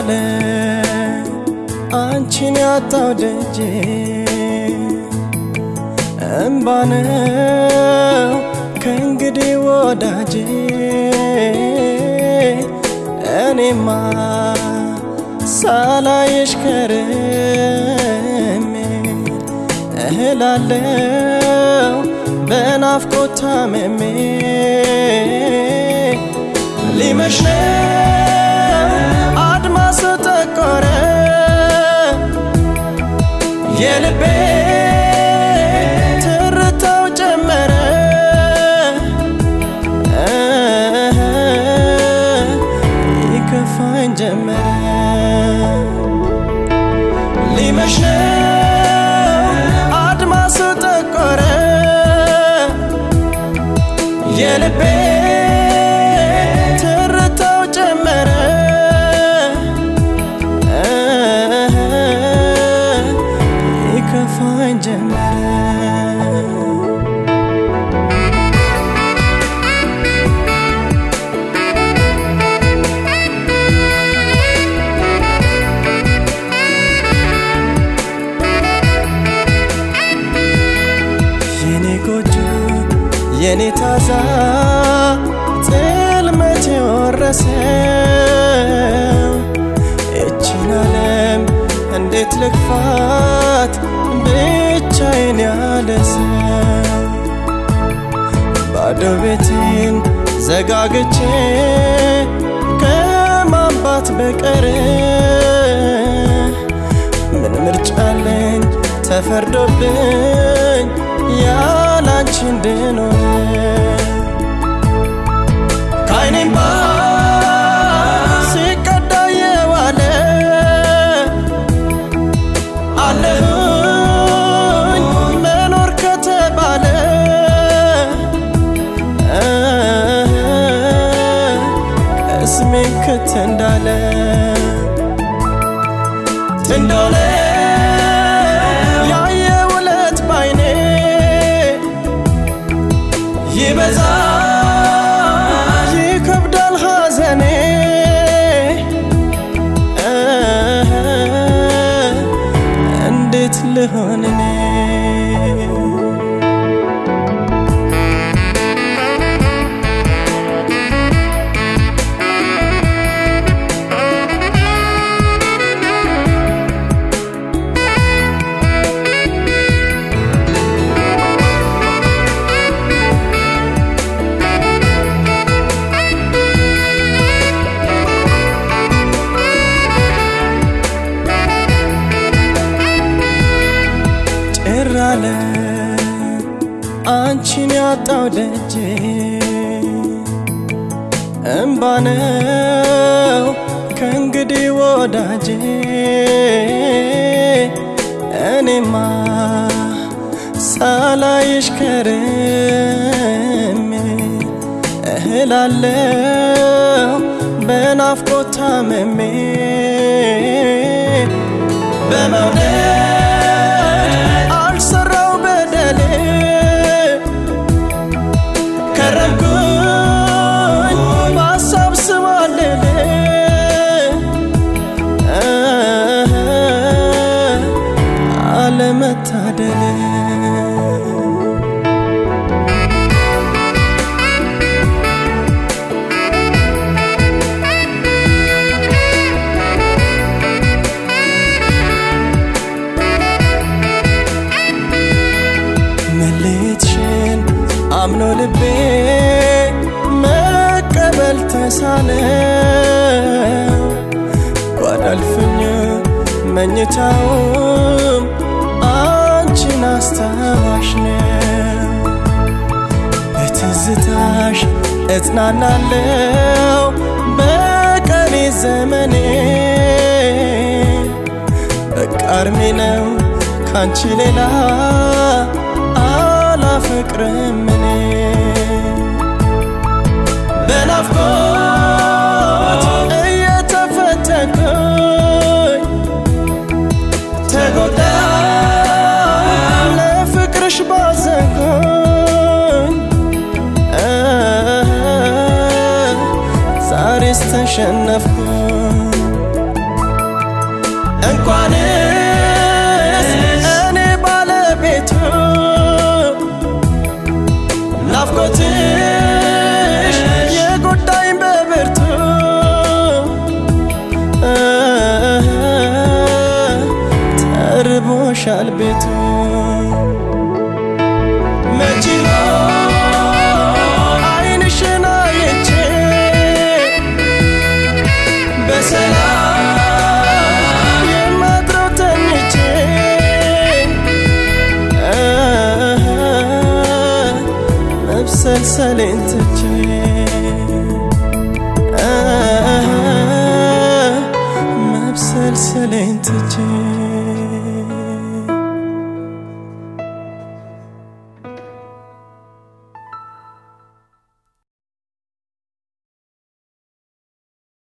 አለ አንቺን ያጣው ደጄ እምባነው ከእንግዲህ ወዳጄ እኔማ ሳላየሽ ከርሜ እህላለው በናፍቆት ታመሜ ሊመሽ হাসতে করে የልቤ ትርታው ጨመረ ይከፋኝ ጀመረ ሊመሽ አድማሱ ጠቆረ የልቤ የኔ ታዛ ጥል ጽልመት የወረሰው እችን አለም እንዴት ልግፋት ብቻዬን ያለ ሰው ባዶ ቤቴን ዘጋግቼ ከማንባት በቀር ምን ምርጫ ተፈርዶብኝ ያ አንቺ እንድኖር ከዓይኔም ባ ሲቀዳ የዋለ መኖር ከተባለ እንዳለ ሲበዛ ይከብዳል ሐዘኔ እንዴት ልሆን ደጄ ከእንግዲህ እኔማ ሳላይሽ ከርሜ እህላለው በናፍቆት በመውደድ አለመታደል አምኖ ልቤ መቀበል ተሳነው ጓዳልፍኝ መኝታውን በጸጋሽ እጽናናለው በቀሪ ዘመኔ በቃርሜ ነው ካንቺ ሌላ አላፈቅርም እኔ ተሸነፍኩ እንኳን እኔ ባለቤቱ ናፍቆትሽ ቤቱ መሰለኝ ትቼ ትቼ